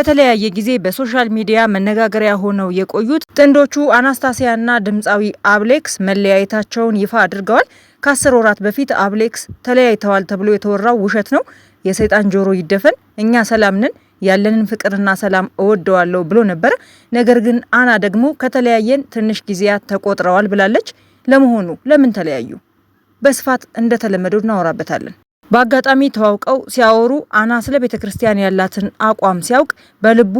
በተለያየ ጊዜ በሶሻል ሚዲያ መነጋገሪያ ሆነው የቆዩት ጥንዶቹ አናስታሲያና ድምፃዊ አብሌክስ መለያየታቸውን ይፋ አድርገዋል። ከአስር ወራት በፊት አብሌክስ ተለያይተዋል ተብሎ የተወራው ውሸት ነው፣ የሰይጣን ጆሮ ይደፈን፣ እኛ ሰላም ነን፣ ያለንን ፍቅርና ሰላም እወደዋለሁ ብሎ ነበር። ነገር ግን አና ደግሞ ከተለያየን ትንሽ ጊዜያት ተቆጥረዋል ብላለች። ለመሆኑ ለምን ተለያዩ? በስፋት እንደተለመደው እናወራበታለን። በአጋጣሚ ተዋውቀው ሲያወሩ አና ስለ ቤተ ክርስቲያን ያላትን አቋም ሲያውቅ በልቡ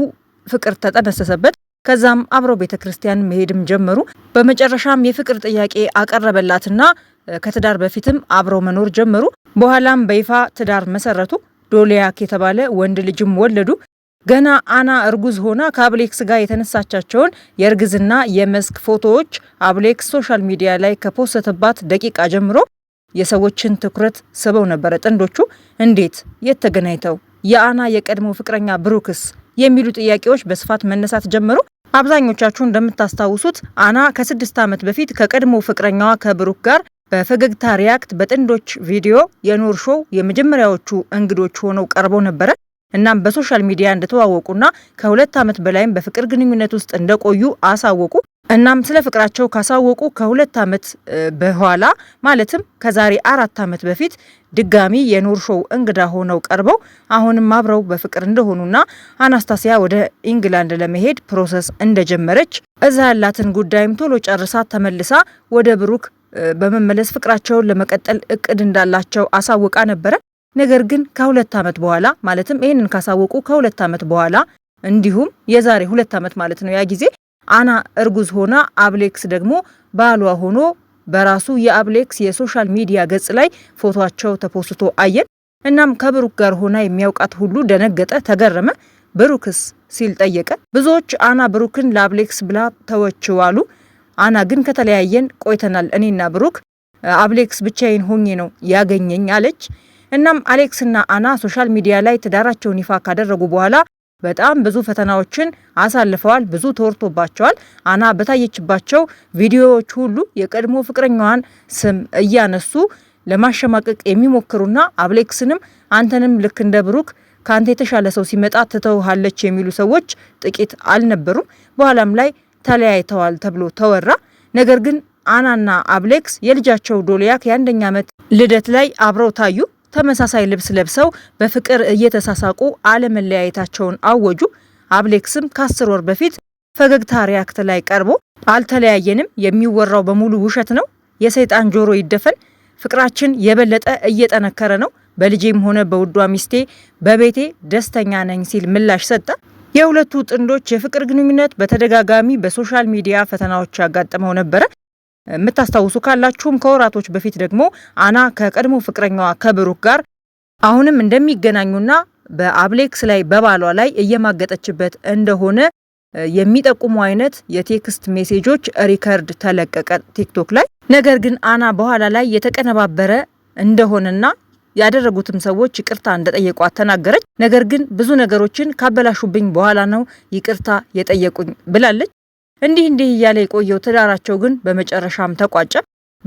ፍቅር ተጠነሰሰበት። ከዛም አብረው ቤተ ክርስቲያን መሄድም ጀመሩ። በመጨረሻም የፍቅር ጥያቄ አቀረበላትና ከትዳር በፊትም አብረው መኖር ጀመሩ። በኋላም በይፋ ትዳር መሰረቱ። ዶሊያክ የተባለ ወንድ ልጅም ወለዱ። ገና አና እርጉዝ ሆና ከአብሌክስ ጋር የተነሳቻቸውን የእርግዝና የመስክ ፎቶዎች አብሌክስ ሶሻል ሚዲያ ላይ ከፖሰተባት ደቂቃ ጀምሮ የሰዎችን ትኩረት ስበው ነበረ። ጥንዶቹ እንዴት፣ የት ተገናኝተው፣ የአና የቀድሞ ፍቅረኛ ብሩክስ የሚሉ ጥያቄዎች በስፋት መነሳት ጀመሩ። አብዛኞቻችሁ እንደምታስታውሱት አና ከስድስት ዓመት በፊት ከቀድሞ ፍቅረኛዋ ከብሩክ ጋር በፈገግታ ሪያክት በጥንዶች ቪዲዮ የኖር ሾው የመጀመሪያዎቹ እንግዶች ሆነው ቀርበው ነበረ። እናም በሶሻል ሚዲያ እንደተዋወቁና ከሁለት ዓመት በላይም በፍቅር ግንኙነት ውስጥ እንደቆዩ አሳወቁ። እናም ስለ ፍቅራቸው ካሳወቁ ከሁለት ዓመት በኋላ ማለትም ከዛሬ አራት ዓመት በፊት ድጋሚ የኖር ሾው እንግዳ ሆነው ቀርበው አሁንም አብረው በፍቅር እንደሆኑና አናስታሲያ ወደ ኢንግላንድ ለመሄድ ፕሮሰስ እንደጀመረች እዛ ያላትን ጉዳይም ቶሎ ጨርሳ ተመልሳ ወደ ብሩክ በመመለስ ፍቅራቸውን ለመቀጠል እቅድ እንዳላቸው አሳውቃ ነበረ። ነገር ግን ከሁለት ዓመት በኋላ ማለትም ይህንን ካሳወቁ ከሁለት ዓመት በኋላ እንዲሁም የዛሬ ሁለት ዓመት ማለት ነው ያ ጊዜ አና እርጉዝ ሆና አብሌክስ ደግሞ ባሏ ሆኖ በራሱ የአብሌክስ የሶሻል ሚዲያ ገጽ ላይ ፎቶቸው ተፖስቶ አየን። እናም ከብሩክ ጋር ሆና የሚያውቃት ሁሉ ደነገጠ፣ ተገረመ። ብሩክስ ሲል ጠየቀ። ብዙዎች አና ብሩክን ለአብሌክስ ብላ ተወችው አሉ። አና ግን ከተለያየን ቆይተናል፣ እኔና ብሩክ አብሌክስ ብቻዬን ሆኜ ነው ያገኘኝ አለች። እናም አሌክስና አና ሶሻል ሚዲያ ላይ ትዳራቸውን ይፋ ካደረጉ በኋላ በጣም ብዙ ፈተናዎችን አሳልፈዋል። ብዙ ተወርቶባቸዋል። አና በታየችባቸው ቪዲዮዎች ሁሉ የቀድሞ ፍቅረኛዋን ስም እያነሱ ለማሸማቀቅ የሚሞክሩና አብሌክስንም አንተንም ልክ እንደ ብሩክ ከአንተ የተሻለ ሰው ሲመጣ ትተውሃለች የሚሉ ሰዎች ጥቂት አልነበሩም። በኋላም ላይ ተለያይተዋል ተብሎ ተወራ። ነገር ግን አናና አብሌክስ የልጃቸው ዶልያክ የአንደኛ ዓመት ልደት ላይ አብረው ታዩ። ተመሳሳይ ልብስ ለብሰው በፍቅር እየተሳሳቁ አለመለያየታቸውን አወጁ። አብሌክስም ከአስር ወር በፊት ፈገግታ ሪያክት ላይ ቀርቦ አልተለያየንም፣ የሚወራው በሙሉ ውሸት ነው፣ የሰይጣን ጆሮ ይደፈን፣ ፍቅራችን የበለጠ እየጠነከረ ነው፣ በልጄም ሆነ በውዷ ሚስቴ በቤቴ ደስተኛ ነኝ ሲል ምላሽ ሰጠ። የሁለቱ ጥንዶች የፍቅር ግንኙነት በተደጋጋሚ በሶሻል ሚዲያ ፈተናዎች ያጋጥመው ነበረ። የምታስታውሱ ካላችሁም ከወራቶች በፊት ደግሞ አና ከቀድሞ ፍቅረኛዋ ከብሩክ ጋር አሁንም እንደሚገናኙና በአብሌክስ ላይ በባሏ ላይ እየማገጠችበት እንደሆነ የሚጠቁሙ አይነት የቴክስት ሜሴጆች ሪከርድ ተለቀቀ ቲክቶክ ላይ። ነገር ግን አና በኋላ ላይ የተቀነባበረ እንደሆነና ያደረጉትም ሰዎች ይቅርታ እንደጠየቋት ተናገረች። ነገር ግን ብዙ ነገሮችን ካበላሹብኝ በኋላ ነው ይቅርታ የጠየቁኝ ብላለች። እንዲህ እንዲህ እያለ የቆየው ትዳራቸው ግን በመጨረሻም ተቋጨ።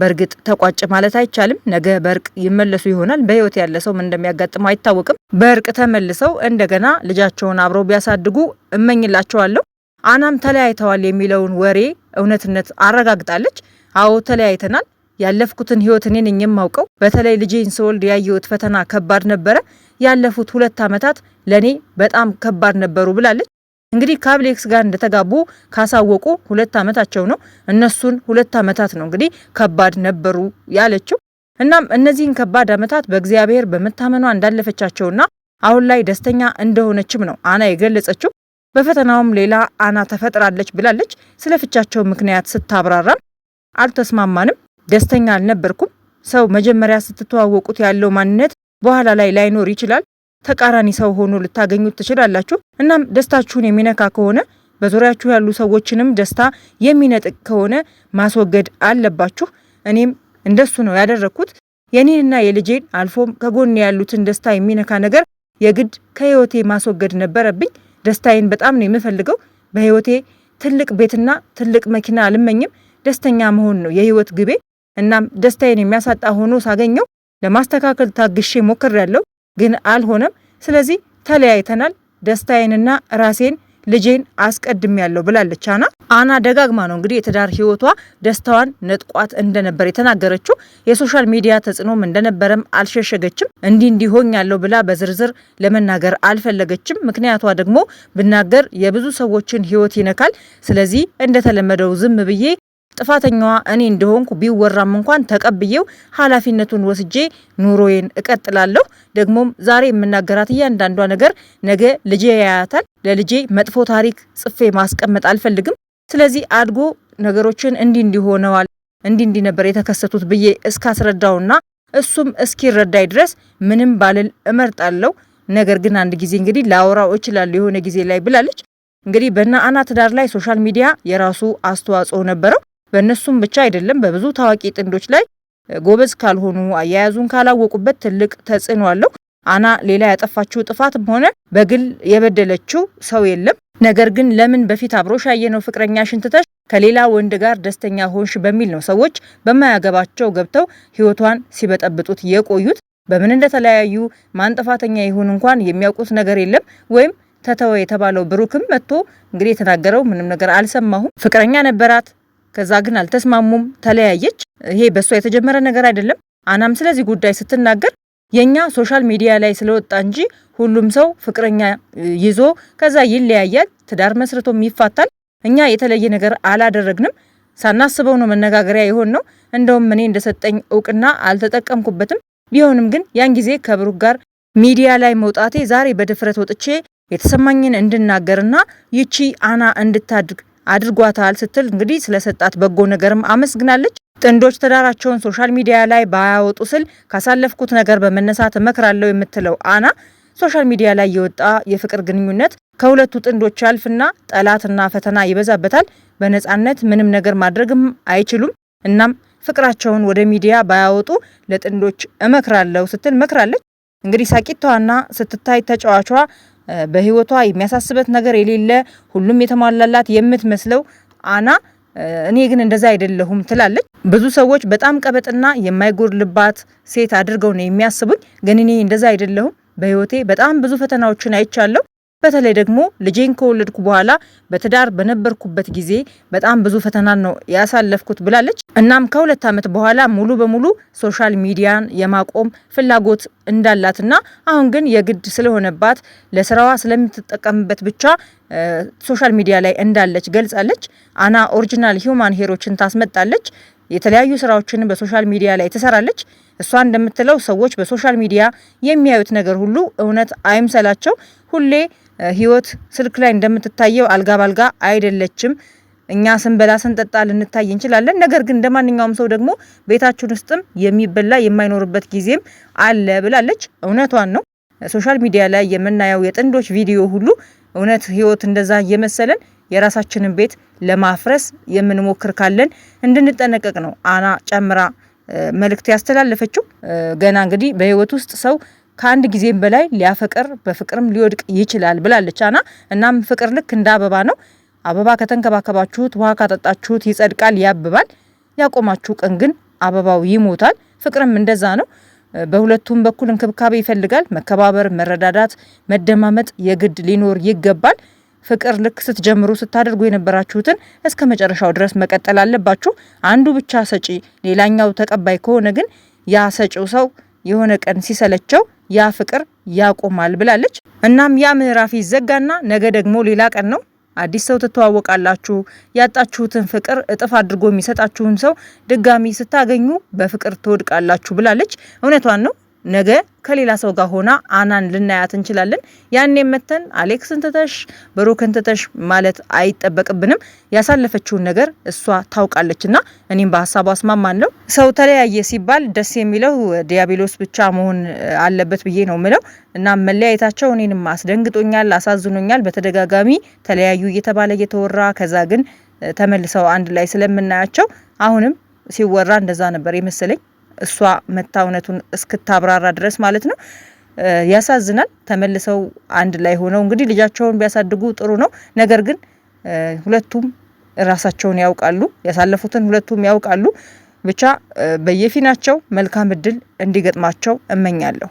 በእርግጥ ተቋጭ ማለት አይቻልም። ነገ በእርቅ ይመለሱ ይሆናል። በህይወት ያለ ሰው ምን እንደሚያጋጥመው አይታወቅም። በእርቅ ተመልሰው እንደገና ልጃቸውን አብረው ቢያሳድጉ እመኝላቸዋለሁ። አናም ተለያይተዋል የሚለውን ወሬ እውነትነት አረጋግጣለች። አዎ ተለያይተናል። ያለፍኩትን ህይወት እኔ ነኝ የማውቀው። በተለይ ልጄን ስወልድ ያየሁት ፈተና ከባድ ነበረ። ያለፉት ሁለት ዓመታት ለእኔ በጣም ከባድ ነበሩ ብላለች። እንግዲህ ከአብሌክስ ጋር እንደተጋቡ ካሳወቁ ሁለት ዓመታቸው ነው። እነሱን ሁለት ዓመታት ነው እንግዲህ ከባድ ነበሩ ያለችው። እናም እነዚህን ከባድ ዓመታት በእግዚአብሔር በመታመኗ እንዳለፈቻቸውና አሁን ላይ ደስተኛ እንደሆነችም ነው አና የገለጸችው። በፈተናውም ሌላ አና ተፈጥራለች ብላለች። ስለ ፍቻቸው ምክንያት ስታብራራም አልተስማማንም፣ ደስተኛ አልነበርኩም። ሰው መጀመሪያ ስትተዋወቁት ያለው ማንነት በኋላ ላይ ላይኖር ይችላል። ተቃራኒ ሰው ሆኖ ልታገኙት ትችላላችሁ። እናም ደስታችሁን የሚነካ ከሆነ በዙሪያችሁ ያሉ ሰዎችንም ደስታ የሚነጥቅ ከሆነ ማስወገድ አለባችሁ። እኔም እንደሱ ነው ያደረግኩት። የኔንና የልጄን አልፎም ከጎን ያሉትን ደስታ የሚነካ ነገር የግድ ከህይወቴ ማስወገድ ነበረብኝ። ደስታዬን በጣም ነው የምፈልገው። በህይወቴ ትልቅ ቤትና ትልቅ መኪና አልመኝም። ደስተኛ መሆን ነው የህይወት ግቤ። እናም ደስታዬን የሚያሳጣ ሆኖ ሳገኘው ለማስተካከል ታግሼ ሞክሬያለሁ። ግን አልሆነም። ስለዚህ ተለያይተናል፣ ደስታዬንና ራሴን ልጄን አስቀድም ያለው ብላለች አና። አና ደጋግማ ነው እንግዲህ የትዳር ህይወቷ ደስታዋን ነጥቋት እንደነበር የተናገረችው። የሶሻል ሚዲያ ተጽዕኖም እንደነበረም አልሸሸገችም። እንዲህ እንዲሆኝ ያለው ብላ በዝርዝር ለመናገር አልፈለገችም። ምክንያቷ ደግሞ ብናገር የብዙ ሰዎችን ህይወት ይነካል፣ ስለዚህ እንደተለመደው ዝም ብዬ ጥፋተኛዋ እኔ እንደሆንኩ ቢወራም እንኳን ተቀብዬው ኃላፊነቱን ወስጄ ኑሮዬን እቀጥላለሁ። ደግሞም ዛሬ የምናገራት እያንዳንዷ ነገር ነገ ልጄ ያያታል። ለልጄ መጥፎ ታሪክ ጽፌ ማስቀመጥ አልፈልግም። ስለዚህ አድጎ ነገሮችን እንዲ እንዲሆነዋል እንዲ እንዲ ነበር የተከሰቱት ብዬ እስካስረዳውና እሱም እስኪረዳይ ድረስ ምንም ባልል እመርጣለሁ። ነገር ግን አንድ ጊዜ እንግዲህ ላወራው እችላለሁ የሆነ ጊዜ ላይ ብላለች። እንግዲህ በእነ አና ትዳር ላይ ሶሻል ሚዲያ የራሱ አስተዋጽኦ ነበረው። በእነሱም ብቻ አይደለም በብዙ ታዋቂ ጥንዶች ላይ ጎበዝ ካልሆኑ አያያዙን ካላወቁበት ትልቅ ተጽዕኖ አለው። አና ሌላ ያጠፋችው ጥፋትም ሆነ በግል የበደለችው ሰው የለም። ነገር ግን ለምን በፊት አብሮሽ ያየነው ፍቅረኛ ሽንትተሽ ከሌላ ወንድ ጋር ደስተኛ ሆንሽ በሚል ነው ሰዎች በማያገባቸው ገብተው ህይወቷን ሲበጠብጡት የቆዩት። በምን እንደተለያዩ ማን ጥፋተኛ ይሁን እንኳን የሚያውቁት ነገር የለም ወይም ተተወ የተባለው ብሩክም መጥቶ እንግዲህ የተናገረው ምንም ነገር አልሰማሁም። ፍቅረኛ ነበራት ከዛ ግን አልተስማሙም፣ ተለያየች። ይሄ በእሷ የተጀመረ ነገር አይደለም። አናም ስለዚህ ጉዳይ ስትናገር የእኛ ሶሻል ሚዲያ ላይ ስለወጣ እንጂ ሁሉም ሰው ፍቅረኛ ይዞ ከዛ ይለያያል፣ ትዳር መስርቶም ይፋታል። እኛ የተለየ ነገር አላደረግንም። ሳናስበው ነው መነጋገሪያ የሆን ነው። እንደውም እኔ እንደሰጠኝ እውቅና አልተጠቀምኩበትም። ቢሆንም ግን ያን ጊዜ ከብሩክ ጋር ሚዲያ ላይ መውጣቴ ዛሬ በድፍረት ወጥቼ የተሰማኝን እንድናገርና ይቺ አና እንድታድግ አድርጓታል ስትል እንግዲህ ስለሰጣት በጎ ነገርም አመስግናለች። ጥንዶች ትዳራቸውን ሶሻል ሚዲያ ላይ ባያወጡ ስል ካሳለፍኩት ነገር በመነሳት እመክራለሁ የምትለው አና ሶሻል ሚዲያ ላይ የወጣ የፍቅር ግንኙነት ከሁለቱ ጥንዶች ያልፍና ጠላትና ፈተና ይበዛበታል። በነፃነት ምንም ነገር ማድረግም አይችሉም። እናም ፍቅራቸውን ወደ ሚዲያ ባያወጡ ለጥንዶች እመክራለሁ ስትል መክራለች። እንግዲህ ሳቂቷና ስትታይ ተጫዋቿ በህይወቷ የሚያሳስበት ነገር የሌለ ሁሉም የተሟላላት የምትመስለው አና እኔ ግን እንደዛ አይደለሁም ትላለች። ብዙ ሰዎች በጣም ቀበጥና የማይጎድልባት ሴት አድርገው ነው የሚያስቡኝ፣ ግን እኔ እንደዛ አይደለሁም። በህይወቴ በጣም ብዙ ፈተናዎችን አይቻለሁ። በተለይ ደግሞ ልጄን ከወለድኩ በኋላ በትዳር በነበርኩበት ጊዜ በጣም ብዙ ፈተና ነው ያሳለፍኩት ብላለች። እናም ከሁለት ዓመት በኋላ ሙሉ በሙሉ ሶሻል ሚዲያን የማቆም ፍላጎት እንዳላትና አሁን ግን የግድ ስለሆነባት ለስራዋ ስለምትጠቀምበት ብቻ ሶሻል ሚዲያ ላይ እንዳለች ገልጻለች። አና ኦሪጂናል ሂውማን ሄሮችን ታስመጣለች። የተለያዩ ስራዎችን በሶሻል ሚዲያ ላይ ትሰራለች። እሷ እንደምትለው ሰዎች በሶሻል ሚዲያ የሚያዩት ነገር ሁሉ እውነት አይምሰላቸው ሁሌ ህይወት ስልክ ላይ እንደምትታየው አልጋ ባልጋ አይደለችም። እኛ ስንበላ ስንጠጣ ልንታይ እንችላለን። ነገር ግን እንደ ማንኛውም ሰው ደግሞ ቤታችን ውስጥም የሚበላ የማይኖርበት ጊዜም አለ ብላለች። እውነቷን ነው። ሶሻል ሚዲያ ላይ የምናየው የጥንዶች ቪዲዮ ሁሉ እውነት ህይወት እንደዛ እየመሰለን የራሳችንን ቤት ለማፍረስ የምንሞክር ካለን እንድንጠነቀቅ ነው አና ጨምራ መልእክት ያስተላለፈችው። ገና እንግዲህ በህይወት ውስጥ ሰው ከአንድ ጊዜም በላይ ሊያፈቅር በፍቅርም ሊወድቅ ይችላል ብላለች አና። እናም ፍቅር ልክ እንደ አበባ ነው። አበባ ከተንከባከባችሁት፣ ውሃ ካጠጣችሁት ይጸድቃል፣ ያብባል። ያቆማችሁ ቀን ግን አበባው ይሞታል። ፍቅርም እንደዛ ነው። በሁለቱም በኩል እንክብካቤ ይፈልጋል። መከባበር፣ መረዳዳት፣ መደማመጥ የግድ ሊኖር ይገባል። ፍቅር ልክ ስትጀምሩ ስታደርጉ የነበራችሁትን እስከ መጨረሻው ድረስ መቀጠል አለባችሁ። አንዱ ብቻ ሰጪ፣ ሌላኛው ተቀባይ ከሆነ ግን ያ ሰጪው ሰው የሆነ ቀን ሲሰለቸው ያ ፍቅር ያቆማል ብላለች። እናም ያ ምዕራፍ ይዘጋና ነገ ደግሞ ሌላ ቀን ነው። አዲስ ሰው ትተዋወቃላችሁ። ያጣችሁትን ፍቅር እጥፍ አድርጎ የሚሰጣችሁን ሰው ድጋሚ ስታገኙ በፍቅር ትወድቃላችሁ ብላለች። እውነቷን ነው። ነገ ከሌላ ሰው ጋር ሆና አናን ልናያት እንችላለን። ያኔ መተን አሌክስን ትተሽ ብሩክን ትተሽ ማለት አይጠበቅብንም። ያሳለፈችውን ነገር እሷ ታውቃለች እና እኔም በሀሳቡ አስማማን ነው። ሰው ተለያየ ሲባል ደስ የሚለው ዲያብሎስ ብቻ መሆን አለበት ብዬ ነው ምለው እና መለያየታቸው እኔንም አስደንግጦኛል፣ አሳዝኖኛል። በተደጋጋሚ ተለያዩ እየተባለ እየተወራ ከዛ ግን ተመልሰው አንድ ላይ ስለምናያቸው አሁንም ሲወራ እንደዛ ነበር የመሰለኝ። እሷ መታ እውነቱን እስክታብራራ ድረስ ማለት ነው። ያሳዝናል። ተመልሰው አንድ ላይ ሆነው እንግዲህ ልጃቸውን ቢያሳድጉ ጥሩ ነው። ነገር ግን ሁለቱም ራሳቸውን ያውቃሉ፣ ያሳለፉትን ሁለቱም ያውቃሉ። ብቻ በየፊናቸው መልካም እድል እንዲገጥማቸው እመኛለሁ።